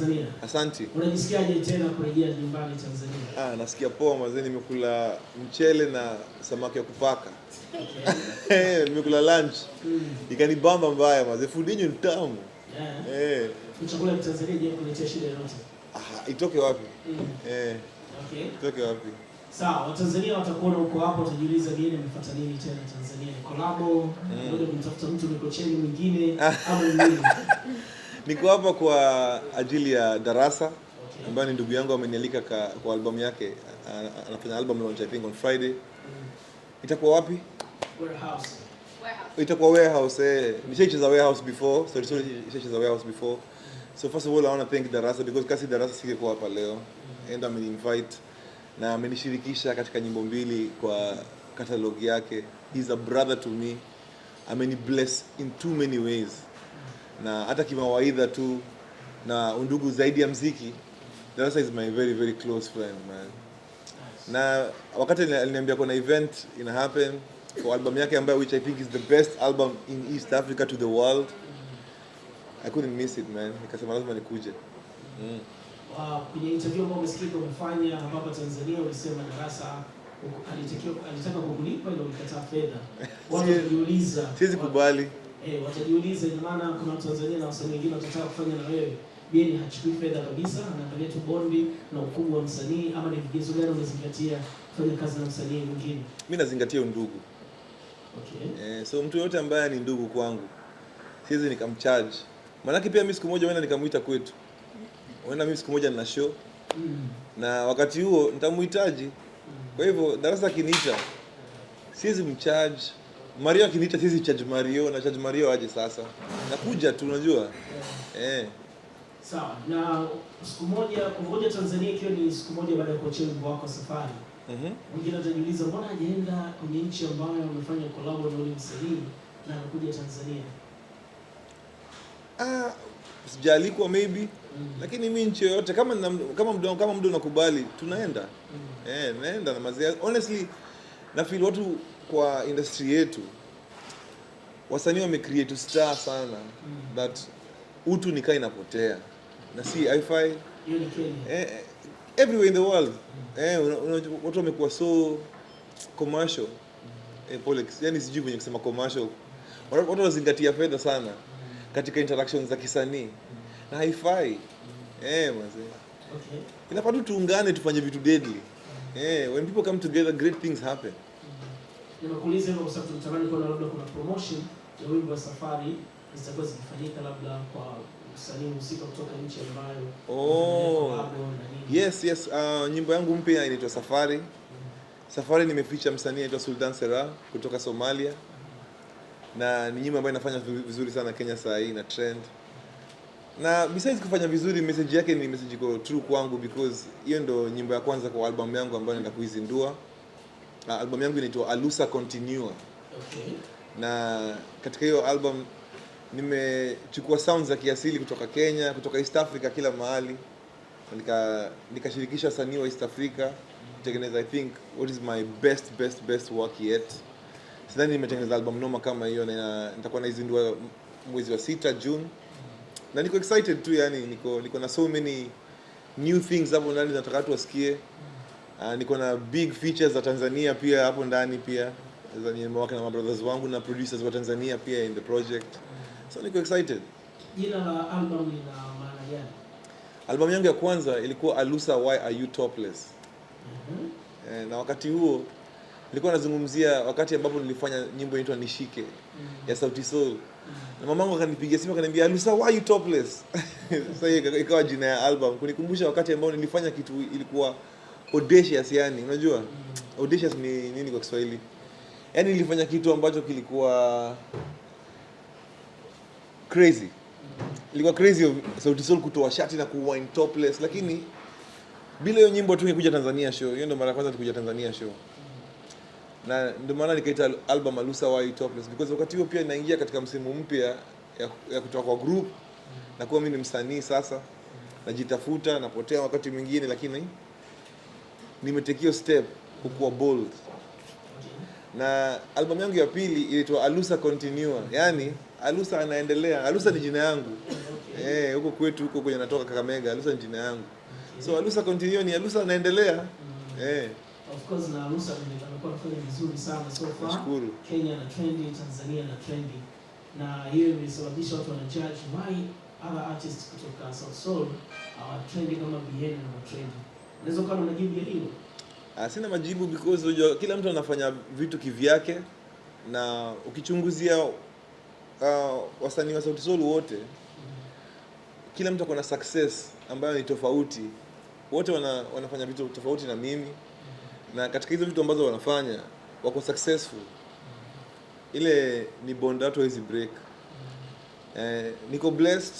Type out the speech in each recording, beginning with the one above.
Tanzania. Asante. Unajisikiaje tena kurejea nyumbani Tanzania? Ah, nasikia poa mzee, nimekula mchele na samaki ya kupaka. Okay. nimekula lunch. Mm. Ikanibamba mbaya mzee, food yenyu ni tamu. Yeah. Eh. Yeah. Chakula cha Tanzania je, kuletea shida yoyote? Ah, itoke wapi? Mm. Eh. Okay. Itoke wapi? Sawa, Watanzania watakuona huko hapo, watajiuliza gani mmefuata nini tena Tanzania? Collabo, mm. Ndio mtafuta mtu mikocheni mwingine au nini? Niko hapa kwa ajili ya Darasa ambayo ni ndugu yangu amenialika kwa albamu yake, anafanya album launch I think on Friday. Itakuwa wapi? Warehouse. Itakuwa warehouse eh. Nishaicheza warehouse before, so sorry, nishaicheza warehouse before. So first of all I want to thank Darasa because kasi Darasa singekuwa hapa leo. And I'm invite na amenishirikisha katika nyimbo mbili kwa catalog yake. He's a brother to me. bless in too many ways na hata kimawaidha tu na undugu zaidi ya mziki. Darasa is my very very close friend man, na wakati aliniambia kuna event ina happen for album yake ambayo which I think is the best album in East Africa to the world. I couldn't miss it man, nikasema lazima nikuje. mm. Uh, kwenye interview ambayo umesikia umefanya hapa Tanzania ulisema Darasa alitaka kukulipa ila ulikataa fedha. Watu waliuliza. Siwezi kubali eh, watajiuliza ina maana kuna Mtanzania na wasanii wengine watataka kufanya na wewe. Yeye hachukui fedha kabisa, anaangalia tu bondi na ukubwa wa msanii, ama ni vigezo gani unazingatia kufanya kazi na msanii mwingine. Mimi nazingatia undugu. Okay. Eh, so mtu yote ambaye ni ndugu kwangu siwezi nikamcharge. Maanake pia mimi siku moja wenda nikamuita kwetu. Wenda mimi siku moja nina show. Mm. Na wakati huo nitamuhitaji. Mm. Kwa hivyo darasa akiniita siwezi mcharge Mario akiniita sisi charge Mario na charge Mario aje sasa. Nakuja tu unajua. Eh. Yeah. Sawa. Na siku moja kuvuja Tanzania ikiwa ni siku moja baada ya kuachia wimbo wako Safari. Mhm. Mm Wengine watajiuliza mbona hajaenda kwenye nchi ambayo amefanya collab na ule msanii na anakuja Tanzania? Ah, sijaalikwa maybe. Mm -hmm. Lakini mimi nchi yoyote kama na, kama mdo kama mdo nakubali tunaenda. Mm -hmm. Eh, naenda na mazia. Honestly na feel watu kwa industry yetu wasanii wamecreate star sana mm. that utu nikaa inapotea na si haifai eh, eh, everywhere in the world eh, watu wamekuwa so commercial eh, Polex, yani sijui kwenye kusema commercial, watu wanazingatia fedha sana katika interactions za kisanii na haifai eh, mzee okay. Inafaa tuungane tufanye vitu deadly eh, when people come together great things happen. Mm. Nakuuliza hivyo kwa sababu tunatamani kuona labda kuna promotion na wimbo wa safari zitakuwa zikifanyika labda kwa msanii husika kutoka nchi ambayo oh. Yes, yes. Uh, nyimbo yangu mpya inaitwa Safari. Mm-hmm. Safari nimeficha msanii aitwa Sultan Sera kutoka Somalia. Mm-hmm. na ni nyimbo ambayo inafanya vizuri sana Kenya saa hii na trend na besides kufanya vizuri, message yake ni message iko true kwangu, because hiyo ndo nyimbo ya kwanza kwa albamu yangu ambayo naenda kuizindua. Albamu yangu inaitwa Alusa Continua. Okay na katika hiyo album nimechukua sounds za kiasili kutoka Kenya, kutoka East Africa, kila mahali nika nikashirikisha nika wasanii wa East Africa kutengeneza I think what is my best best best work yet. Sidhani nimetengeneza album noma kama hiyo, na nitakuwa naizindua mwezi wa sita June, na niko excited tu yani, niko niko na so many new things hapo ndani, nataka watu wasikie. Uh, niko na big features za Tanzania pia hapo ndani pia za mimi wake na mabrothers wangu na producers wa Tanzania pia in the project. So niko excited. Jina la album lina maana gani? Album yangu ya kwanza ilikuwa Alusa Why Are You Topless. Mm -hmm. E, na wakati huo nilikuwa nazungumzia wakati ambapo nilifanya nyimbo inaitwa Nishike mm -hmm. ya Sauti Sol. Mm -hmm. Na mamangu akanipigia simu akaniambia Alusa why are you topless? Sasa hiyo ikawa jina ya album kunikumbusha wakati ambao nilifanya kitu ilikuwa audacious yani, unajua? Mm -hmm. Audacious ni nini kwa Kiswahili? Mm yani nilifanya kitu ambacho kilikuwa crazy, ilikuwa crazy of Sauti Sol kutoa shati na kuwine topless, lakini bila hiyo nyimbo tu nikuja Tanzania show. Hiyo ndio mara ya kwanza nikuja Tanzania show, na ndio maana nikaita album Alusa Why Topless because wakati huo pia naingia katika msimu mpya ya, ya kutoka kwa group na kuwa mimi ni msanii sasa, najitafuta, napotea wakati mwingine, lakini nimetekio step kukuwa bold na albamu yangu ya pili ilitwa Alusa Continua, yaani Alusa anaendelea. Alusa ni jina yangu okay. eh, huko kwetu huko kwenye natoka Kakamega, Alusa ni jina yangu, okay. so Alusa Continua ni Alusa anaendelea mm. eh. Of course na Alusa amekuwa kufanya vizuri sana so far. Nashukuru. Kenya na trendy, Tanzania na trendy. Na hiyo imesababisha watu wana judge why other artists kutoka South Soul are trendi kama Bien na trendi. Unaweza kuwa unajibu hilo? Ah, sina majibu because unajua kila mtu anafanya vitu kivyake, na ukichunguzia uh, wasanii wa Sauti Sol wote, kila mtu akona success ambayo ni tofauti. Wote wana, wanafanya vitu tofauti na mimi, na katika hizo vitu ambazo wanafanya wako successful, ile ni bond watu hawezi break. Eh, niko blessed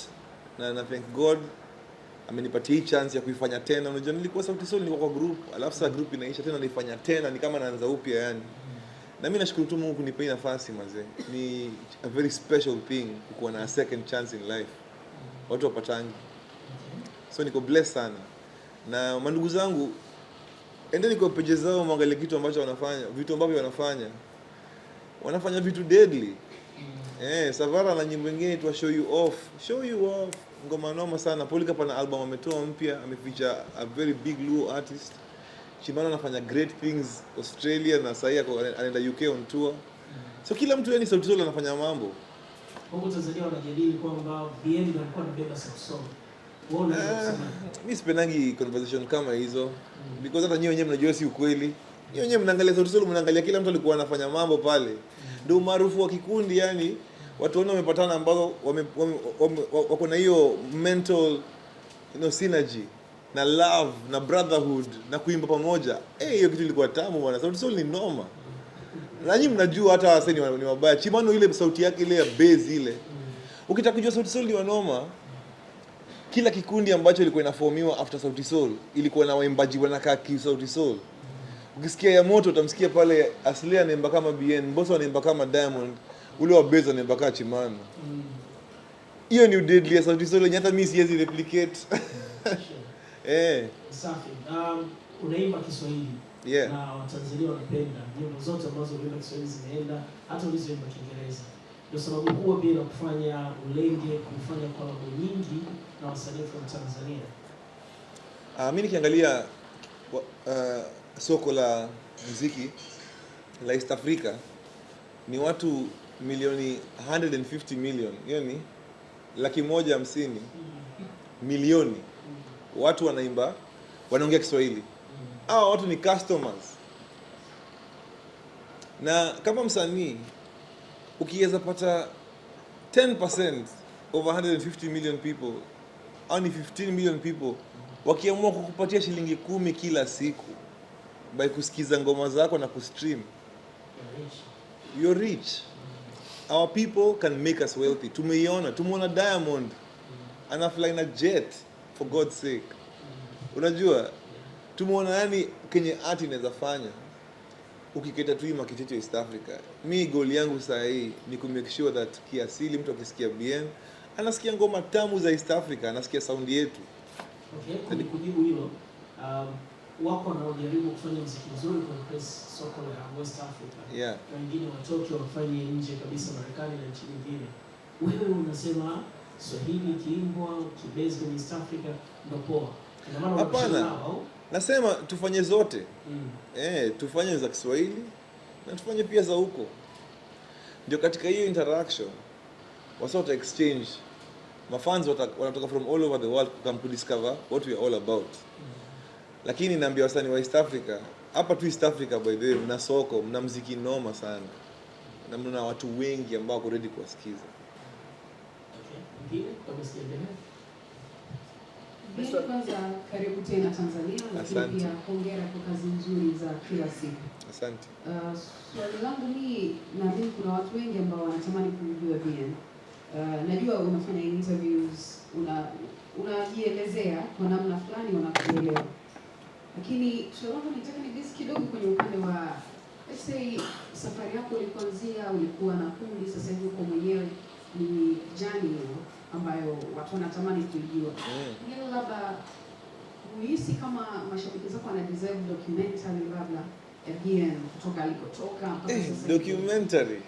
na na thank God amenipatia hii chance ya kuifanya tena. Unajua nilikuwa Sauti Sol nilikuwa kwa group, alafu sasa group inaisha tena naifanya tena, ni kama naanza upya yani. Na mimi nashukuru tu Mungu kunipa nafasi mzee. Ni a very special thing kuwa na a second chance in life. Watu wapatangi. So niko blessed sana. Na mandugu zangu endeni kwa peje zao mwangalie kitu ambacho wanafanya, vitu ambavyo wanafanya. Wanafanya vitu deadly. Eh, Savara na nyimbo nyingine itwa Show You Off. Show You Off. Ngoma noma sana. Polika pana album ametoa mpya, ameficha a very big Luo artist. Shimano anafanya great things Australia na sasa yako anaenda UK on tour. So kila mtu yani Sauti Sol anafanya mambo. Huko Tanzania wanajadili kwamba BM ndio alikuwa anabeba Sauti Sol. Uh, mi sipendangi conversation kama hizo mm. Because hata nyinyi wenyewe mnajua si ukweli. Nyinyi wenyewe mnaangalia Sauti Sol, mnaangalia kila mtu alikuwa anafanya mambo pale, mm. ndio mm. umaarufu wa kikundi yani watu wengi wamepatana ambao wako na hiyo mental you know, synergy na love na brotherhood na kuimba pamoja. Hey, eh, hiyo kitu ilikuwa tamu bwana, sauti sio ni noma, na nyinyi mnajua hata wasanii ni wabaya. Chimano ile sauti yake ile ya bass ile, ukitaka kujua sauti sol ni wanoma kila kikundi ambacho ilikuwa inafomiwa after Sauti Sol ilikuwa na waimbaji wanakaa ki Sauti Sol. Ukisikia ya moto utamsikia pale Aslia anaimba kama BN, Mbosso anaimba kama Diamond, ule wa base anabaka chimano mm. hiyo ni deadly deadliest artificial yenye hata mimi siwezi replicate eh safi na um, unaimba Kiswahili yeah. na Watanzania wanapenda nyimbo zote ambazo unaimba Kiswahili zinaenda hata ulizoimba Kiingereza ndio sababu kubwa pia na kufanya ulenge kufanya kolabo nyingi na wasanii wa Tanzania ah mimi nikiangalia uh, soko la muziki la East Africa ni watu milioni 150 million, hiyo ni laki moja hamsini milioni watu wanaimba wanaongea Kiswahili. Hawa watu ni customers, na kama msanii ukiweza pata 10% over 150 million people au ni 15 million people wakiamua kukupatia shilingi kumi kila siku by kusikiza ngoma zako na kustream, you're rich our people can make us wealthy. Tumeiona, tumeona Diamond anafly na jet for God's sake. Unajua, tumeona yani kenye art inaweza fanya ukiketa tu makichecho East Africa. Mi goal yangu saa hii ni ku make sure that kiasili mtu akisikia BN anasikia ngoma tamu za East Africa, anasikia saundi yetu. Okay, kujibu hilo um wako wanaojaribu kufanya mziki mzuri kwenye soko la West Africa yeah. wengine watoke wafanye nje kabisa Marekani na nchi nyingine. Wewe unasema Swahili kiimbwa kibezi kwenye East Africa ndio poa? maana Hapana, nasema tufanye zote mm. Eh, tufanye za Kiswahili na tufanye pia za huko, ndio katika hiyo interaction wasa wata exchange mafans wanatoka from all over the world come to discover what we are all about mm lakini naambia wasanii wa East Africa hapa tu East Africa, by the way, mna soko, mna mziki noma sana na mna watu wengi ambao wako ready kuwasikiza. karibu tena Tanzania, lakini pia hongera kwa kazi nzuri za kila siku. Asante. Uh, swali langu ni nadhani kuna watu wengi ambao wanatamani kumjua Bien. Uh, najua unafanya interviews, unajielezea kwa namna fulani wanakuelewa lakini tunaona nitaka ni nigisi kidogo kwenye upande wa let's say, safari yako ilikuanzia, ulikuwa na kundi, sasa hivi uko mwenyewe, ni jani hiyo ambayo watu wanatamani kujua ingine, yeah. Labda huhisi kama mashabiki zako wana deserve documentary labda again kutoka eh, toka, mpaka hey, sasa documentary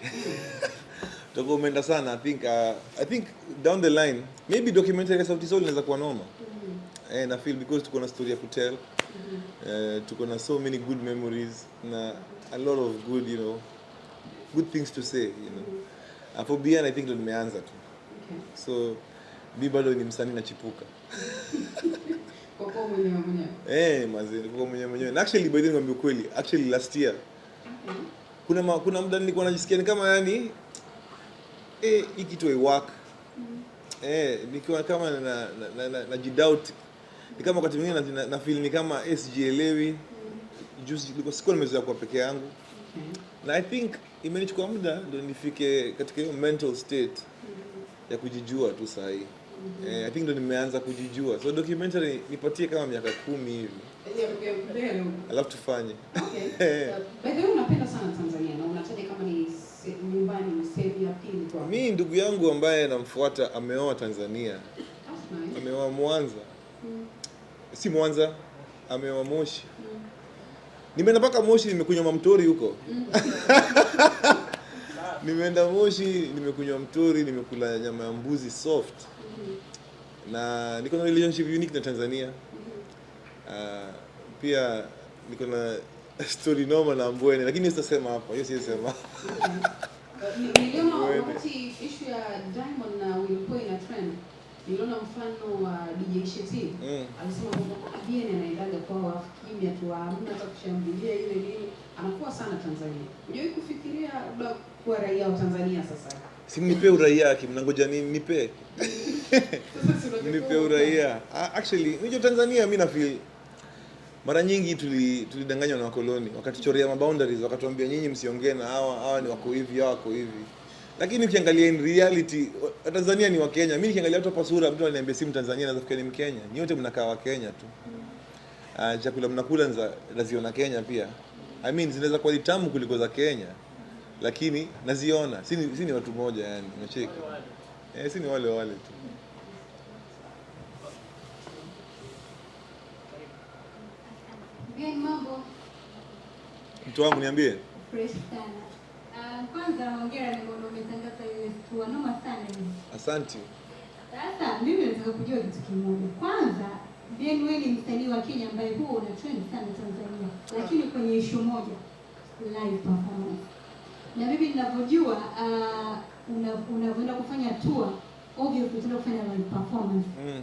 Toko umeenda sana I think uh, I think down the line maybe documentary ya Sauti Sol inaweza kuwa noma. Mm -hmm. Eh, na feel because tuko na story ya kutell mm uh, tuko na so many good memories na a lot of good you know good things to say you know hapo mm-hmm. Bien I think ndo nimeanza tu so mi bado ni msanii nachipuka Eh, mazee kwa mwenyewe mwenyewe. Na actually by the way niambie kweli, actually last year kuna ma, kuna muda nilikuwa najisikia ni kama yani eh hii kitu haiwork. Mm -hmm. Eh, nikiwa kama na na, na, na, na jidoubt ni kama wakati mwingine na, na feel ni kama eh, sijielewi. Juzi siko nimezoea kuwa peke yangu na I think imenichukua muda ndo nifike katika hiyo mental state ya kujijua tu saa hii. Eh, I think ndo nimeanza kujijua, so documentary nipatie kama miaka kumi hivi alafu tufanye. Eh. Mi ndugu yangu ambaye namfuata ameoa Tanzania, ameoa Mwanza si Mwanza amewa Moshi nimeenda mpaka Moshi nimekunywa mamtori huko nimeenda Moshi nimekunywa mtori, nimekula nyama ya mbuzi soft na niko na relationship unique na Tanzania uh, pia niko na story noma na Mbweni, lakini sitasema hapa, hiyo siwezi sema. Niliona wakati issue ya Diamond na Willy Paul ina trend niliona mfano wa DJ Sheti mm. alisema kwamba wageni anaendaga kwao afu kimya tu hamna hata kushambulia ile nini, anakuwa sana Tanzania. Unajui kufikiria labda kuwa raia wa Tanzania? Sasa si nipe uraia yake, mnangoja nini? Nipe nipe uraia. Actually nijo Tanzania, mi feel mara nyingi tulidanganywa tuli na wakoloni, wakatuchorea maboundaries, wakatuambia nyinyi msiongee na hawa, hawa ni wako hivi, hawa wako hivi lakini ukiangalia in reality Tanzania ni Wakenya. Mimi nikiangalia watu hapa sura, mtu ananiambia si Mtanzania, naweza kufikiri ni Mkenya. wote mnakaa Wakenya tu. Uh, chakula mnakula naziona Kenya pia. I mean zinaweza kuwa tamu kuliko za Kenya, lakini naziona si ni watu moja, yani unacheki eh, si ni wale wale tu. Mtu wangu niambie kwanza hongera, nimeona umetangaza ile tour noma sana hiyo. Asante. Sasa mimi nataka kujua kitu kimoja. Kwanza Ben, wewe ni msanii wa Kenya ambaye huwa una trend sana Tanzania, lakini kwenye issue moja, live performance. Na mimi ninavyojua uh, ah, unavyoenda kufanya tour, obviously utaenda kufanya live performance. Mm.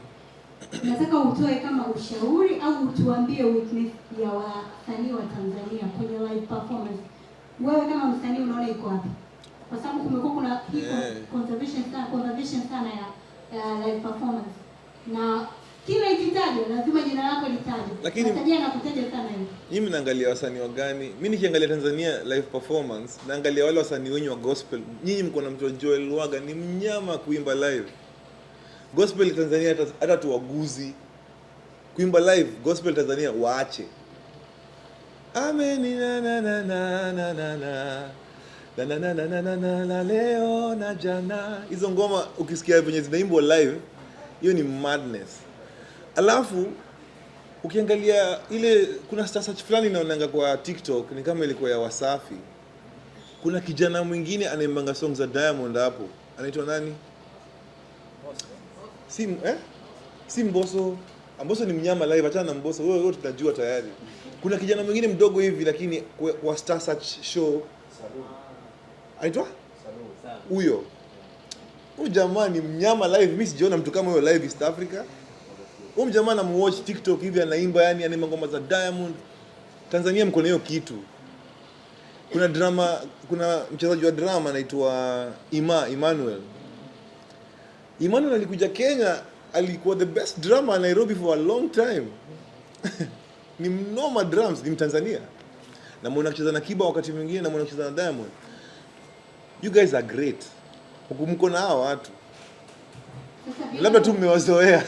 Nataka utoe kama ushauri au utuambie weakness ya wasanii wa Tanzania kwenye live performance wewe kama msanii unaona iko wapi? Kwa sababu kumekuwa kuna hiyo conservation sana conservation sana ya, ya live performance na kila ikitajwa lazima jina lako litajwe, lakini mtaji anakutaja sana hivi. Mimi naangalia wasanii wa gani? Mimi nikiangalia Tanzania live performance naangalia wale wasanii wenye wa gospel. Nyinyi mko na mtu wa Joel Lwaga ni mnyama kuimba live gospel Tanzania, hata tuwaguzi kuimba live gospel Tanzania waache ameni na na na na na na na na na na na na na na leo na jana. Hizo ngoma ukisikia venye zinaimbwa live, hiyo ni madness. Alafu ukiangalia ile, kuna star search fulani inaonanga kwa TikTok, ni kama ilikuwa ya Wasafi. Kuna kijana mwingine anaimbanga song za Diamond hapo, anaitwa nani? Si eh? Si Mboso. Mboso ni mnyama live, achana na Mboso. wewe tunajua tayari. Kuna kijana mwingine mdogo hivi lakini kwa Star Search show anaitwa huyo huyu jamaa ni mnyama live. Mimi sijaona mtu kama huyo live East Africa. Huyu jamaa muwatch TikTok hivi anaimba, yani anaimba ngoma za Diamond. Tanzania mko na hiyo kitu. Kuna drama, kuna mchezaji wa drama anaitwa Ima Emmanuel. Emmanuel alikuja Kenya, alikuwa the best drama Nairobi for a long time ni mnoma drums, ni Mtanzania na muona kucheza na Kiba wakati mwingine, na muona kucheza na Diamond. You guys are great huku, mko na hawa watu, labda tu mmewazoea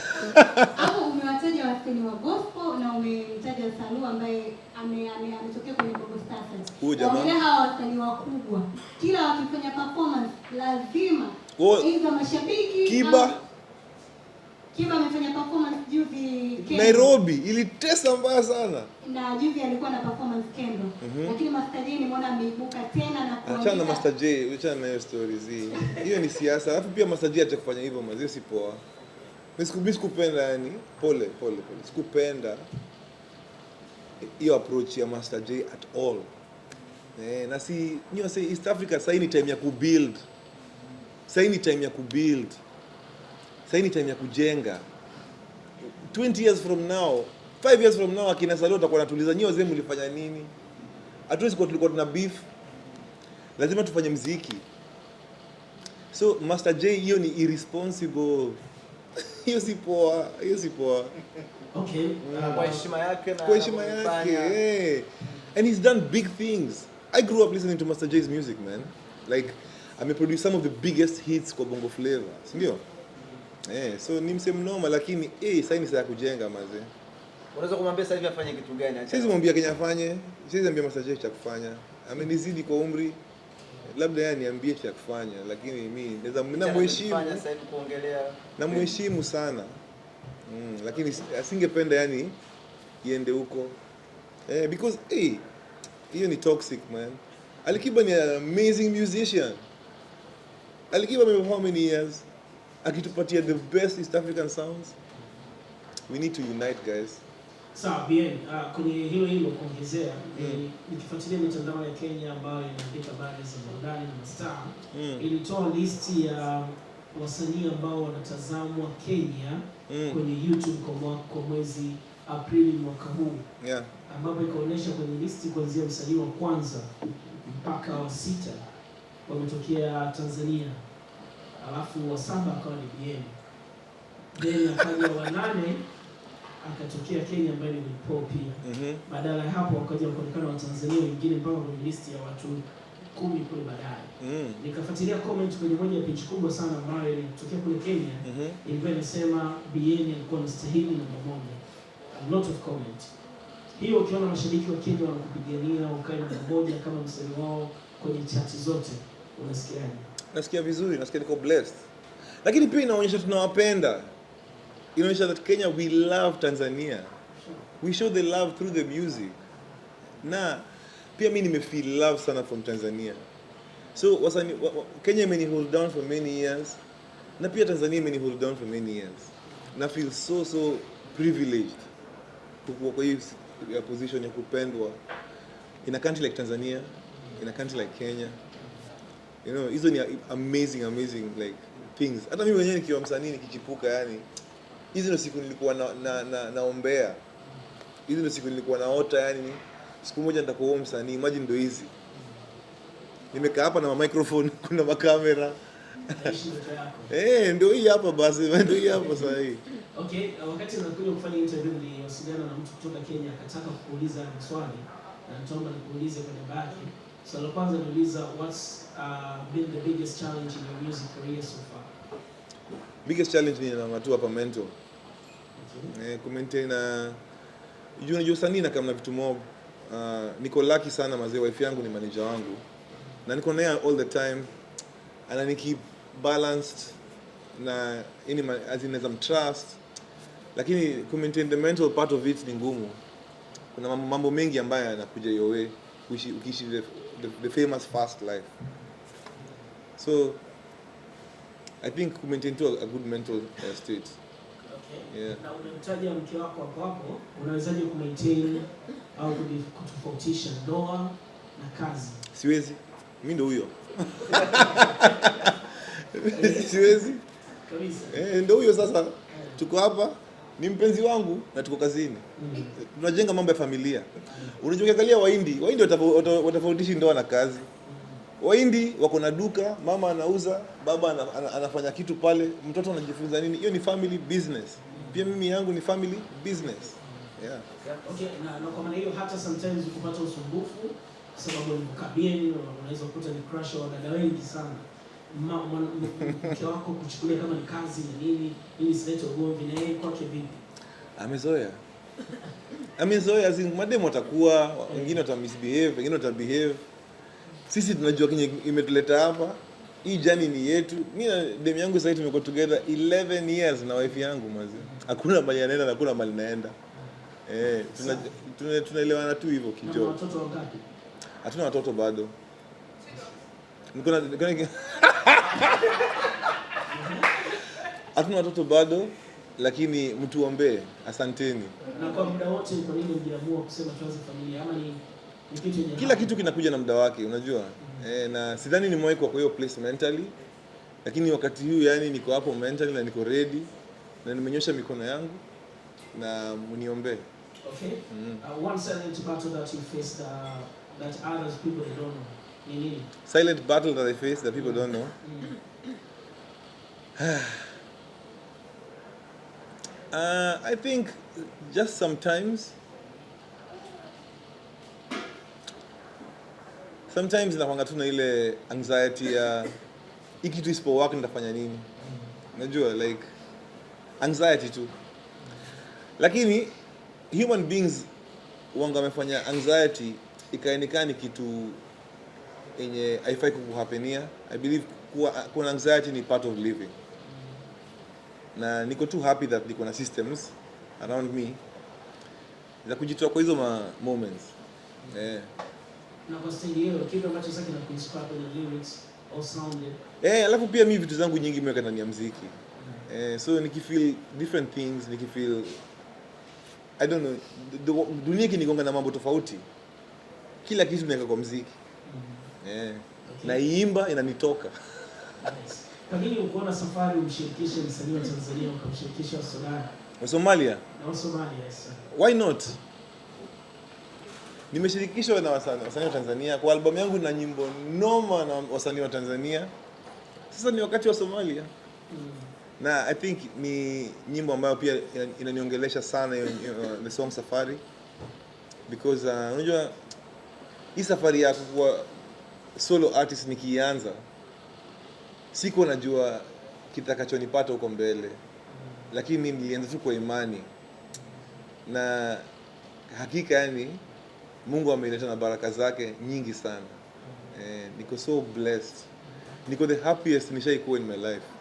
au umewataja wasanii wa gospel na umemtaja Salu ambaye ametokea kwenye Bongo Stars. Huyu jamaa hawa wasanii wakubwa, kila wakifanya performance lazima, aidha mashabiki Kiba Kiba amefanya performance Juvi Kendo. Nairobi ilitesa mbaya sana. Na Juvi alikuwa na performance Kendo. Mm -hmm. Lakini Master J nimeona ameibuka tena na kuongeza. Achana na Master J, achana na hiyo stories hii. Hiyo ni siasa. Alafu pia Master J atakufanya hivyo mazio si poa. Mimi sikupenda yani, pole pole pole. Sikupenda hiyo approach ya Master J at all. Eh, na si, you know, East Africa sasa ni time ya kubuild. Sasa ni time ya kubuild saini time ya kujenga. 20 years from now, 5 years from now akina Salio watakuwa natuliza nyinyi wazee mlifanya nini? Hatuwezi kwa tulikuwa tuna beef. Lazima tufanye mziki. So Master J hiyo ni irresponsible. Hiyo si poa, hiyo si poa. Okay. Mm. Kwa heshima yake na kwa heshima yake. Hey. Eh. And he's done big things. I grew up listening to Master J's music, man. Like, I mean, some of the biggest hits kwa Bongo Flava. Si ndio? Eh, so ni msemo noma lakini eh, sasa ni saa kujenga maze. Unaweza kumwambia sasa hivi afanye kitu gani? Acha. Siwezi kumwambia Kenya afanye. Siwezi mwambia Masaj cha kufanya. Amenizidi kwa umri. Labda yeye aniambie cha kufanya, lakini mimi naweza namheshimu. Sasa hivi kuongelea. Namheshimu sana. Mm, lakini asingependa yani iende huko. Eh, because eh hiyo ni toxic man. Alikiba ni amazing musician. Alikiba ameperform how many years? akitupatia the best East African sounds. We need to unite guys. Sawa bien, uh, kwenye hilo hilo kuongezea mm. Eh, nikifuatilia mitandao ya Kenya ambayo inaandika habari za burudani na mastaa mm. Ilitoa listi ya wasanii ambao wanatazamwa Kenya mm. kwenye YouTube kwa kwa mwezi Aprili mwaka huu yeah. Ambapo ikaonyesha kwenye listi kuanzia msanii wa kwanza mpaka wa sita wametokea Tanzania alafu wa saba akawa ni BM, then akaja wa nane akatokea Kenya ambaye ni Paul pia. mm Badala ya hapo wakaja kuonekana wa Tanzania wengine mpaka kwenye listi ya watu kumi kule baadaye. mm Nikafuatilia comment kwenye moja ya page kubwa sana ambayo ilitokea kule Kenya. mm Ilikuwa inasema BN alikuwa anastahili namba moja, a lot of comment hiyo. Ukiona mashabiki wa Kenya wanakupigania ukae namba moja kama msanii wao kwenye chati zote Unasikiaje? Nasikia vizuri, nasikia niko blessed, lakini pia inaonyesha tunawapenda, inaonyesha that Kenya we love Tanzania, we show the love through the music. Na pia mi nimefeel love sana from Tanzania, so wasani, wa, wa, Kenya imeni hold down for many years na pia Tanzania imeni hold down for many years, na feel so so privileged kukuwa kwa hii position ya kupendwa in a country like Tanzania, in a country like Kenya you know, hizo ni amazing amazing like things. Hata mimi mwenyewe nikiwa msanii nikichipuka, yani hizi ndo siku nilikuwa na, na, na, naombea hizi ndo siku nilikuwa naota, yani siku moja nitakuwa msanii. maji ndo hizi nimekaa hapa na ma microphone, kuna makamera Eh, ndio hii hapa basi, ndio hii hapa sasa hii. Okay, wakati unakuja kufanya interview ni wasiliana na mtu kutoka Kenya akataka kukuuliza swali na nitaomba nikuulize kwenye baadhi So la kwanza niuliza, what's uh, been the biggest challenge in your music career so far? Biggest challenge ni na watu hapa mental. Okay. Eh, ku maintain na unajua unajua sanii na kama na vitu mob. Uh, niko lucky sana mazee, wife yangu ni manager wangu. Na niko naye all the time. Ana niki balanced na ini as in as I'm trust. Lakini ku maintain the mental part of it ni ngumu. Kuna mambo mengi ambayo yanakuja your way ukiishi the, the famous fast life. So I think we maintain to a good mental uh, state. Okay. Yeah. Na maintain kazi? Siwezi. mi ndo huyo. Siwezi. Eh, ndo huyo sasa. Eh. Tuko hapa ni mpenzi wangu na tuko kazini mm. tunajenga mambo ya familia mm. Unajua, ukiangalia Wahindi, Wahindi watafautishi ndoa na kazi. Mm-hmm. Wahindi wako na duka, mama anauza, baba anafanya kitu pale, mtoto anajifunza nini. Hiyo ni family business. Pia mimi yangu ni family business mm-hmm. yeah. Okay, na, na kwa maana hiyo hata sometimes ukupata usumbufu, sababu mkabieni unaweza kukuta ni crush wa dada wengi sana mke wako kuchukulia kama ni kazi na nini, ili ugomvi na yeye kwake vipi? Amezoea, amezoea zi mademu watakuwa wengine wata misbehave wengine wata behave. Sisi tunajua kenye imetuleta hapa, hii jani ni yetu. Mi na demu yangu sahii tumekuwa together 11 years na wife yangu mazi, hakuna mali anaenda na hakuna mali naenda. Eh, tunaelewana tu hivyo kidogo. Watoto Hatuna watoto bado. Niko na hatuna watoto bado, lakini mtuombee. Asanteni. Na kwa muda wote uko nini, mjiamua kusema tuanze familia ama ni kila kitu kinakuja na muda wake, unajua mm -hmm. E, na sidhani nimewahi kwa hiyo place mentally, lakini wakati huu yani niko hapo mentally na niko ready na nimenyosha mikono yangu na muniombee. Okay. Mm -hmm. Uh, one silent battle that you faced, uh, that others people don't know. Silent battle that they face that people don't know. Uh, I think just sometimes sometimes inakwanga na ile anxiety ya hii kitu isipo work nitafanya nini? Unajua like anxiety tu, lakini human beings wanga wamefanya anxiety ikaonekana kitu yenye haifai kukuhapenia. I believe kuwa kuna anxiety ni part of living, na niko too happy that niko na systems around me za kujitoa kwa hizo ma moments eh na kwa stage hiyo kitu ambacho sasa kinakuinspire kwenye lyrics au sound eh, alafu pia mimi vitu zangu nyingi nimeweka ndani ya muziki eh, so nikifeel different things nikifeel I don't know, dunia ikinigonga na mambo tofauti, kila kitu nimeweka kwa muziki. Mm-hmm eh, okay. Na imba inanitoka nice. Kwa nini ukoona safari umshirikishe msanii wa Tanzania ukamshirikisha wa Sudan? Wa Somalia? Na wa Somalia, yes. Why not? Nimeshirikishwa na wasanii wa Tanzania kwa albamu yangu na nyimbo noma na wasanii wa Tanzania. Sasa ni wakati wa Somalia. Mm. Na I think ni nyimbo ambayo pia inaniongelesha sana yon, yon, the song Safari because uh, unajua uh, hii safari ya kuwa solo artist nikianza, siko najua kitakachonipata huko mbele, lakini nilianza tu kwa imani na hakika, yani Mungu ameileta na baraka zake nyingi sana. Eh, niko so blessed, niko the happiest nishaikuwa in my life.